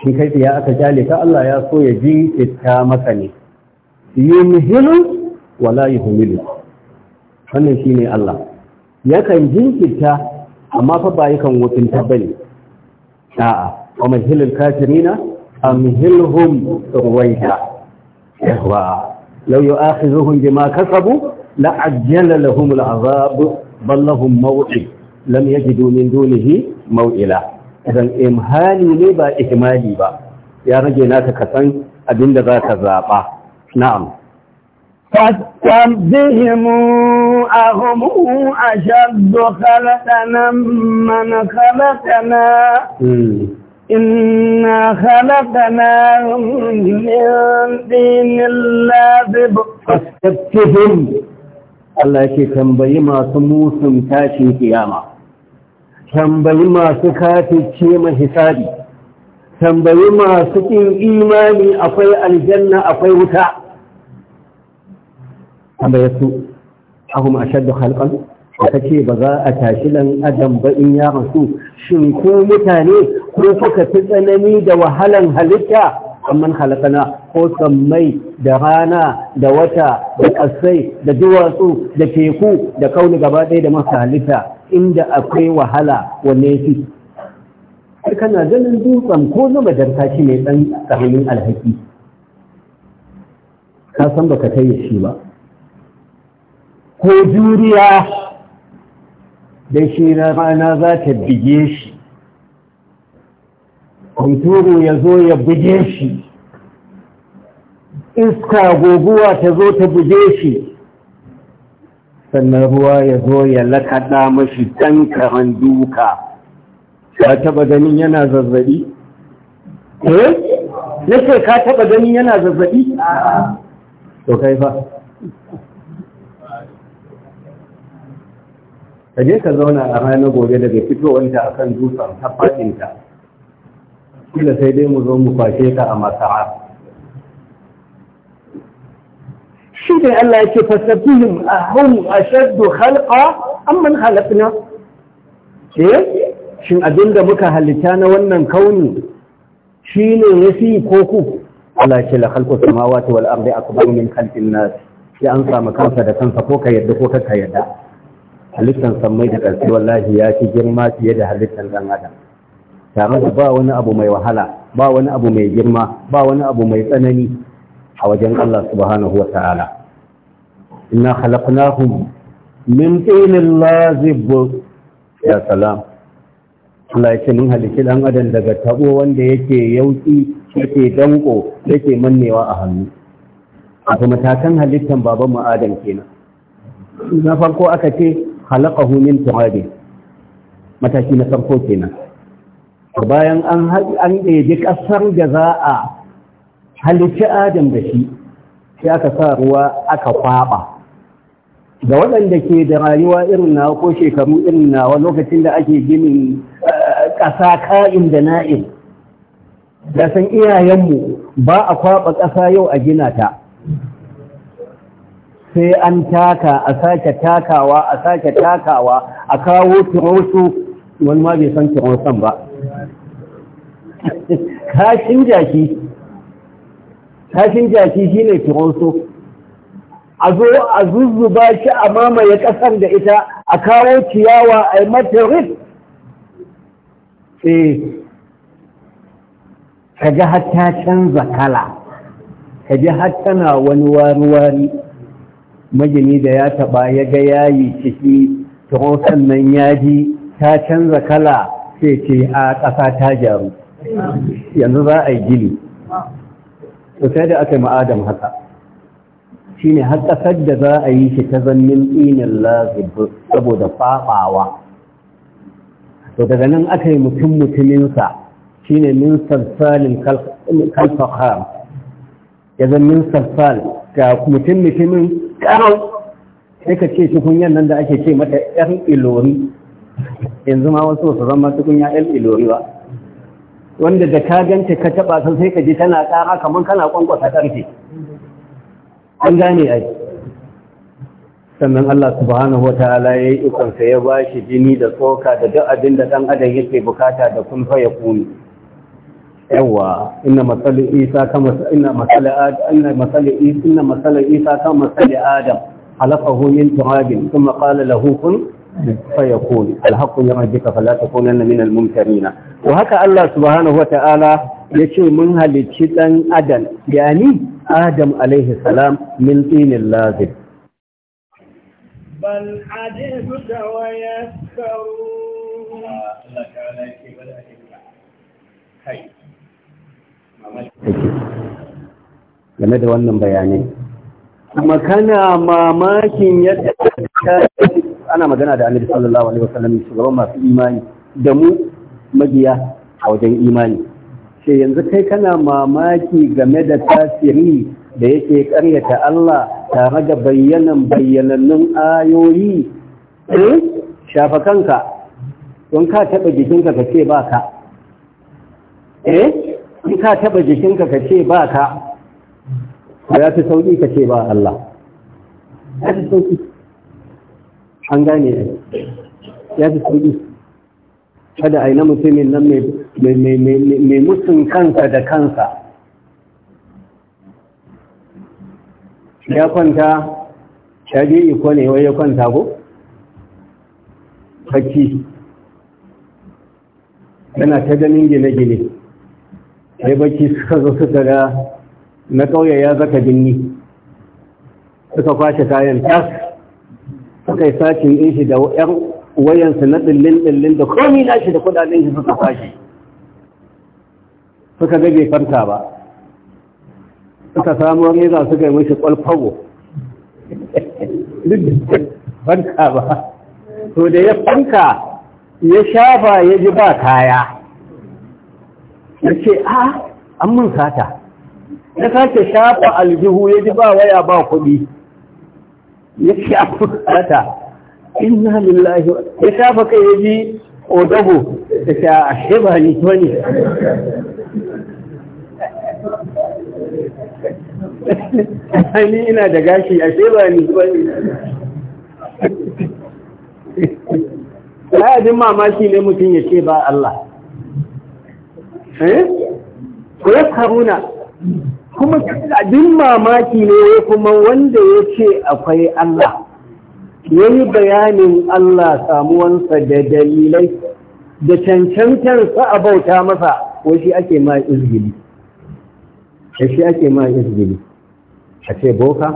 shi kai ya aka jale ka Allah ya so ya ji ita maka ne yumhilu wala yuhmilu wannan shine Allah yakan jinkirta amma fa ba yakan wutunta bane a'a wa mahilul kafirina amhilhum ruwaita yahwa لو يؤاخذهم بما كسبوا لعجل لهم العذاب بل لهم موعد لم يجدوا من دونه موئلا إذن إمهالي لبا إهمالي با يا رجل كسن أبين ذاك الزابا نعم فاستبدهم أهم أشد خلقنا من خلقنا إنا خلقناهم من دين اللازب فاستفتهم Allah ke tambayi masu musun tashin kiyama tambayi masu kafice ma hisabi tambayi masu kin imani akwai aljanna akwai wuta tambaye su ahum ashaddu khalqan da ta ce ba za a tashi nan adam ba in ya rasu shin ko mutane ko kuka fi tsanani da wahalan halitta amman halakana ko sammai da rana da wata da ƙasai da duwatsu da teku da kauni gaba ɗaya da masa halitta inda akwai wahala wanne fi har kana ganin dutsen ko zama jarka shi mai ɗan tsakanin alhaki ka san baka kai shi ba ko juriya don shi rana za ta bige shi kunturu ya zo ya buge shi iska goguwa ta zo ta buge shi sannan ruwa ya zo ya lakaɗa mashi ɗan karen duka ka taɓa ganin yana zazzaɓi? eh? nake ka taɓa ganin yana zazzaɓi? to kai fa ka je ka zauna a ranar gobe daga fitowanta a kan dutsen tabbatinta kila sai dai mu zo mu kwashe ka a masara shi ne Allah ya ce fasabihim ahum ashaddu khalqa amman khalaqna eh shin abinda muka halitta na wannan kauni shine yafi ko ku Allah ce la khalqu samawati wal ardi akbar min khalqin nas sai an samu kansa da kansa ko ka yadda ko ka yadda halittan sammai da ƙarfi wallahi ya fi girma fiye da halittan ɗan adam tare da ba wani abu mai wahala ba wani abu mai girma ba wani abu mai tsanani a wajen Allah subhanahu wa ta'ala inna khalaqnahum min tinin lazib ya salam Allah ya ce mun halici ɗan adam daga taɓo wanda yake yauki yake danko yake mannewa a hannu a matakan halittan baban mu adam kenan na farko aka ce khalaqahu min turab mataki na farko kenan bayan an an ƙasar da za a halitta adam da shi sai aka sa ruwa aka kwaɓa. ga waɗanda ke da rayuwa irin nawa ko shekaru irin nawa lokacin da ake ginin eh, ƙasa ka'in da na'in da san iyayenmu ba a kwaɓa ƙasa yau a gina ta sai an taka a sake takawa a sake takawa a kawo turosu wani ma bai san turosan ba kashin jaki kashin jaki shi ne turosu a zo a zuzzuba shi a mamaye ƙasar da ita a kawo ciyawa a yi matarif sai eh, ka ji hatta ta canza kala ka ji hatta tana wani wari-wari magini da ya taɓa ya ga yayi ciki tsohon sannan ya ji ta canza kala sai ce a ƙasa ta gyaru yanzu za a yi gini sai da aka yi ma'adam haka shi ne har ƙasar da za a yi shi ta zannin tsinin lazibu saboda faɓawa to daga nan aka yi mutum mutuminsa shi ne min sarsalin kalfahar ya zan min ga mutum mutumin karon sai ka ce tukunyar nan da ake ce mata yan ilori yanzu ma wasu su zama tukunya yan ilori ba wanda da ka ganta ka taba sun sai ka ji tana kara kamar kana kwankwasa karfe an gane ai sannan Allah subhanahu wa ta'ala ya yi ikonsa ya ba shi jini da tsoka da duk abin da ɗan adam yake bukata da kun fa ya kuni yawa inna matsali isa kama inna matsali adam inna matsali isa inna matsali isa kama matsali adam halaqahu min turabin thumma qala lahu kun fayakun alhaqqu min fala takunanna min almumtarina wa haka Allah subhanahu wa ta'ala yace mun halicci dan adam yani adam alaihi salam min tinil lazim take game da wannan bayanai kuma kana mamakin yadda ana magana da annabi sallallahu alaihi wasallam shugaban masu imani da mu magiya a wajen imani sai yanzu kai kana mamaki game da tasiri da yake karyata Allah tare da bayyanan bayyanannun ayoyi eh shafa kanka don ka taɓa jikinka ka ce ba ka eh in ka taba jikinka ka ce ba ka ya fi sauƙi ka ce ba Allah ya fi sauƙi an gane ya fi sauƙi kada a yi na mutumin nan mai musun kansa da kansa ya kwanta ya je iko ne wai ya kwanta ko? bacci yana ta ganin gine-gine sai bacci suka zo suka ga na ƙauye ya zaka binni suka kwashe kayan tas suka yi sacin in shi da yan wayansu na ɗillin ɗillin da komi na shi da kudaden shi suka kwashe suka ga bai farka ba suka samu reza suka yi mashi kwalfago farka ba to da ya farka ya shafa ya ji ba kaya ya ce a an mun sata na sake shafa aljihu ya ji ba waya ba kuɗi ya ce an mun sata inna lillahi ya shafa kai ya ji odago da ce a ashe ba ni wani ni ina da gashi ashe ba ni wani ba abin mamaki ne mutum ya ce ba Allah eh ko kuma abin mamaki ne kuma wanda ya ce akwai Allah ya yi bayanin Allah samuwansa da dalilai da sa a bauta masa ko shi ake ma izgili da shi ake ma izgili a ce boka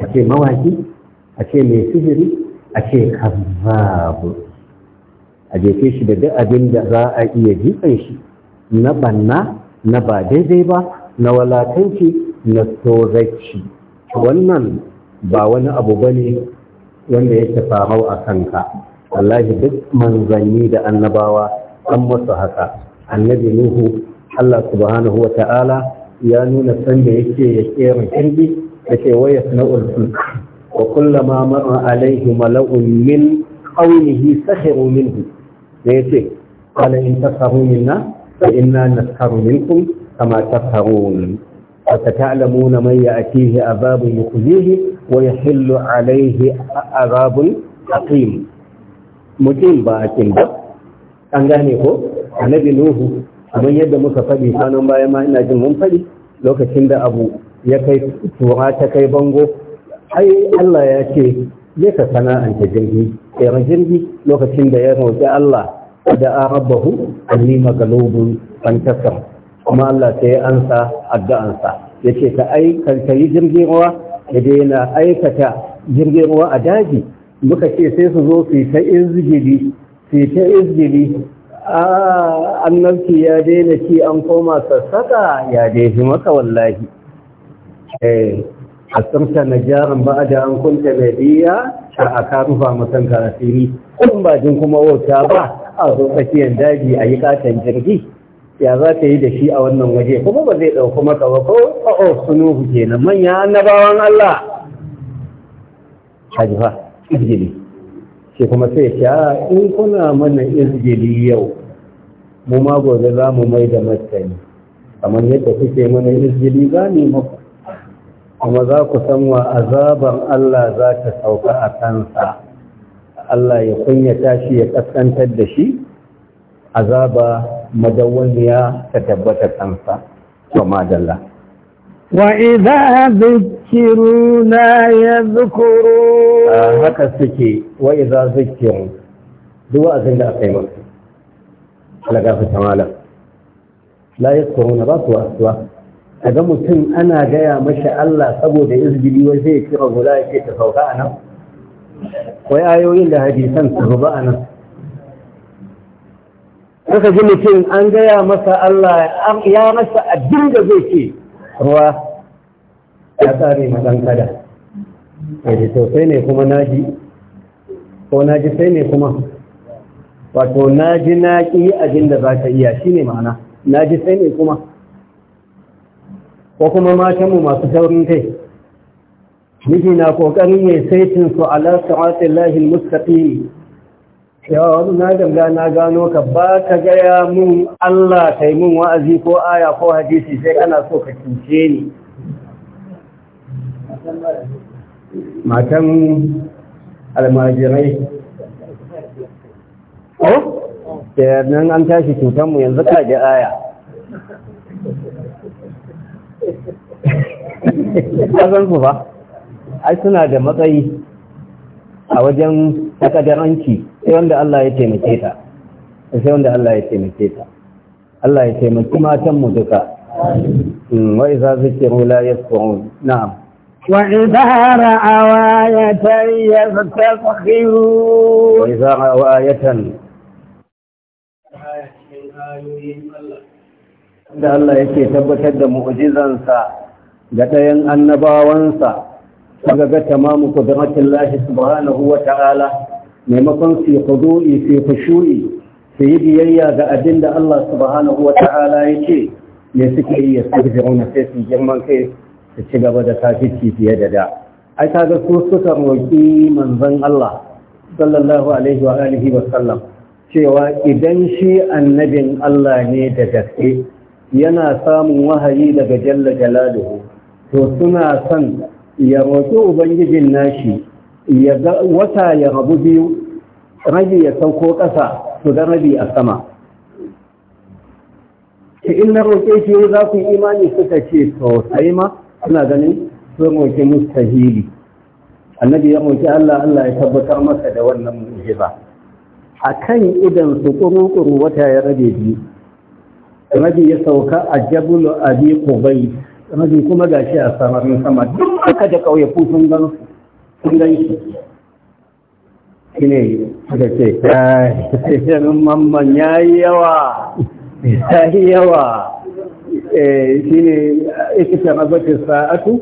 a ce mawaki a ce mai sihiri a ce kazzabu a jefe shi da duk abin da za a iya jifan shi na banna na ba daidai ba na walakanci na tsoraci wannan ba wani abu ba ne wanda yake farau a kanka Allahi duk manzanni da annabawa an masu haka annabi nuhu allah subhanahu wa ta'ala ya nuna sanda yake ya kera kirgi da ke waya sana'ul fulk wa kullama ma'a alaihi mala'un min qawlihi sahiru minhu da yace qala in tasahu minna fa inna nasharu minkum kama tasharun فستعلمون من يأتيه عذاب يخزيه ويحل عليه عذاب أقيم مجيم باكين با an gane ko annabi nuhu kamar yadda muka faɗi sanon baya ma ina jin mun faɗi lokacin da abu ya kai tura ta kai bango ai Allah ya ce zai ka sana'anta jirgi tsere jirgi lokacin da ya roƙi Allah da rabbahu anni maghlubun fantasam kuma Allah sai ya ansa addu'ansa yace ka ai ka yi jirgin ruwa ya daina aikata jirgin ruwa a daji muka ce sai su zo su ta izgili su ta izgili a annabci ya daina ci an koma sassaka ya fi maka wallahi A tsarta na najaran ba da an kunta mai biya a aka rufa mutan karafiri kun ba jin kuma wauta ba a zo tsakiyar daji a yi katon jirgi ya za ta yi da shi a wannan waje kuma ba zai ɗauki maka ba ko suno oh, oh, sunuhu na manya annabawan Allah hajjifa izgili shi kuma sai ya ah, in kuna mana izgili yau mu ma gobe za mu mai da martani kamar yadda kuke mana izgili za ne maku kuma za ku san wa azaban Allah za ta sauka a kansa Allah ya kunyata shi ya kaskantar da shi azaba madawwamiya ta tabbata kansa wa madalla wa idza zikiruna yadhkuru haka suke wa idza zikiru duk wa'azin da aka yi masu. alaga fita malam la yadhkuruna ba su wasuwa, kaga mutum ana gaya mashi Allah saboda izgili wai zai kira guda ke ta sauka a nan wai ayoyin da hadisan su zuba a nan Saka ji mutum an gaya masa Allah ya masa abin da zai ce ruwa ya tsare matsan kada. Aji to sai ne kuma naji, ko naji sai ne kuma. Wato naji na ƙi abin da za ka iya shi ne ma'ana, naji sai ne kuma. Ko kuma matanmu masu taurin kai. miji na kokarin ya saitin su ala sa'atin lahil mustaqim yawa wani na ganga na gano ka ba ka gaya mun Allah kai mun wa'azi ko aya ko hadisi sai kana so ka cince ni matan almajirai ko nan an tashi cutanmu yanzu ka ji aya ka ba ai suna da matsayi a wajen takadaranci sai wanda Allah ya taimake ta sai wanda Allah ya taimake ta Allah ya taimaki matan mu duka hmm, wa idza zikiru la yasqurun na'am وإذا رأوا آية يستسخرون wa رأوا آية da Allah yake tabbatar da mu'jizansa ga ɗayan annabawansa kaga ga tamamu qudratin lahi subhanahu wa ta'ala maimakon su khudu'i su khushu'i su yi biyayya ga abin da Allah subhanahu wa ta'ala yake ne suke yi yastaghfiruna sai su girman kai su ci gaba da kafici fiye da da ai kaga su suka roki manzon Allah sallallahu alaihi wa alihi wa sallam cewa idan shi annabin Allah ne da gaske yana samun wahayi daga jalla jalaluhu to suna son ya roƙi ubangijin nashi ya ga wata ya rabu biyu rabi ya sauko ƙasa su ga rabi a sama ki in na roƙe shi za ku imani suka ce sosai ma suna ganin sun roƙi mustahili annabi ya roƙi Allah Allah ya tabbatar masa da wannan mu'jiza a kan idan su ƙuruƙuru wata ya rabe biyu rabi ya sauka a jabulu abi kubai mafi kuma ga shi a samarin sama duk aka da ku sun gan su sun gan shi shi ne suka ce yanin mamman ya yi yawa ya yi yawa eh, shi ne ikita mabatin sa'atu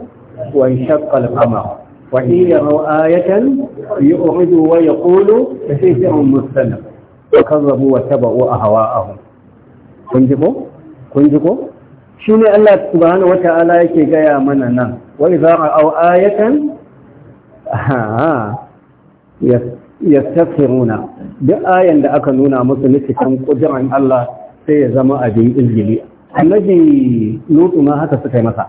wa shakkal kama wa iya ra'ayatan yi uridu wa ya kolo da shi shi an musulun wa kan rabu wa taba'u a hawa'ahu kun ji ko? kun ji ko? shi ne Allah subhanahu wa ta'ala yake gaya mana nan wai za a ayatan ya duk ayan da aka nuna musu na cikin ƙudurin Allah sai ya zama abin izgili annabi lutu ma haka suka yi masa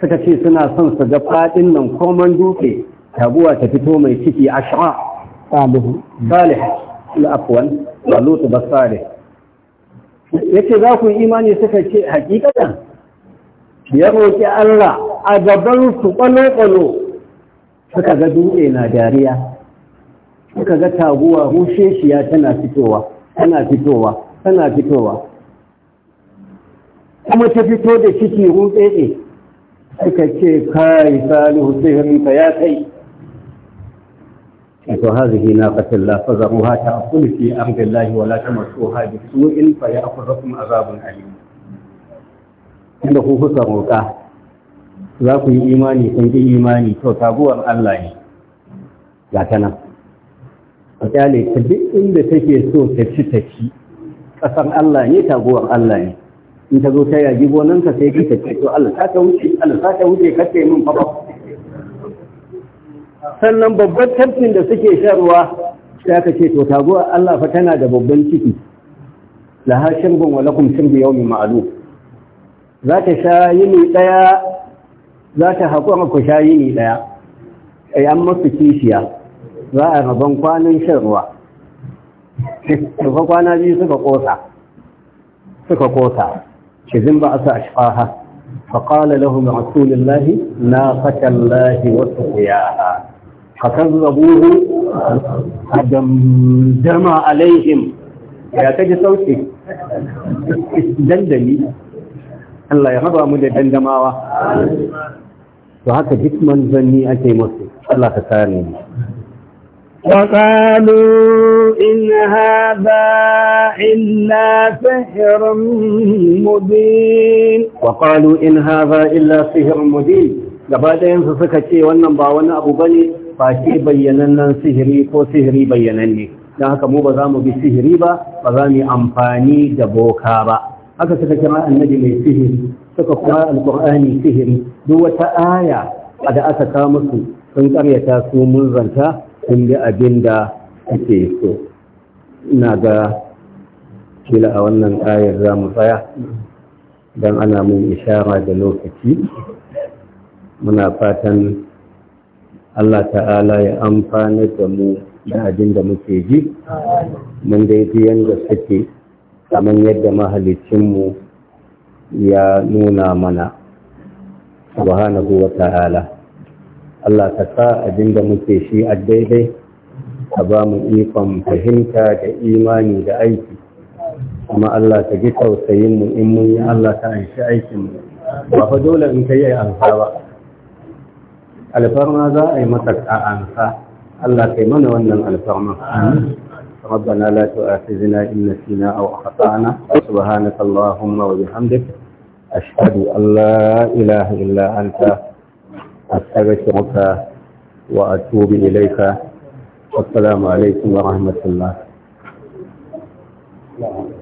suka ce suna son su ga faɗin nan koman duke taguwa ta fito mai ciki ashra Salihu salih afwan ba lutu ba ce za ku imani suka ce hakikatan ya roƙi Allah a gaban su kwalo-kwalo suka ga dutse na dariya suka ga taguwa rusheshiya tana fitowa tana fitowa tana fitowa kuma ta fito da ciki rutsetse suka ce kai salihu hannunka ya kai وهذه ناقة الله فذروها تأكل في أرض الله ولا تمسوها بسوء فيأخذكم عذاب أليم inda ku kuka roƙa za ku yi imani kun ji imani to taguwar Allah ne ga ta nan a kyale ta duk inda take so ta ci ta ci ƙasar Allah ne taguwar Allah ne in ta zo ta yaji gonanka sai ki ta ce to Allah ta ta wuce Allah ta ta wuce kace min fa sannan babban tafkin da suke sharuwa sai aka ce to taguwa Allah fa tana da babban ciki laha bun walakum lakum bi yawmin ma'lum za ta sha yini daya za ta haƙura ku sha yini daya ai an masu kishiya za a rabon kwanan shan ruwa suka kwana biyu suka kosa suka kosa kizin ba asa ashfaha فقال لهم رسول الله ناقة الله وسقياها فكذبوه damdama alaihim ya kaji sauki dandali Allah ya raba mu da dandamawa to haka duk manzanni ake musu Allah ka kare mu وقالوا إن هذا إلا سحر مبين وقالوا إن هذا إلا سحر مبين gaba ɗayansu suka ce wannan ba wani abu bane Ba face bayyanannen sihiri ko sihiri bayyananne don haka mu ba za mu bi sihiri ba ba za mu yi amfani da boka ba haka suka kira annabi mai sihiri suka kuma alkur'ani sihiri duk wata aya da aka ka musu sun karyata su mun zanta sun bi abin da suke so ina ga kila a wannan ayar za mu tsaya don ana mun ishara da lokaci muna fatan Allah ta'ala ya amfana da mu da abin da muke ji mun daidai yadda suke kamar yadda mahalicinmu ya nuna mana subhanahu wa ta'ala Allah ka sa abin da muke shi a daidai ka ba mu ikon fahimta da imani da aiki kuma Allah ka ji tausayinmu in mun yi Allah ka aikinmu ba fa dole in ka yi alfawa ba alfarma za a yi masaka an sa Allah kai mana wannan alfarma rabbana la tu'akhizna in nasina aw akhtana subhanaka allahumma wa bihamdika ashhadu an la ilaha illa anta astaghfiruka wa atubu ilayka assalamu alaykum wa rahmatullah Thank you.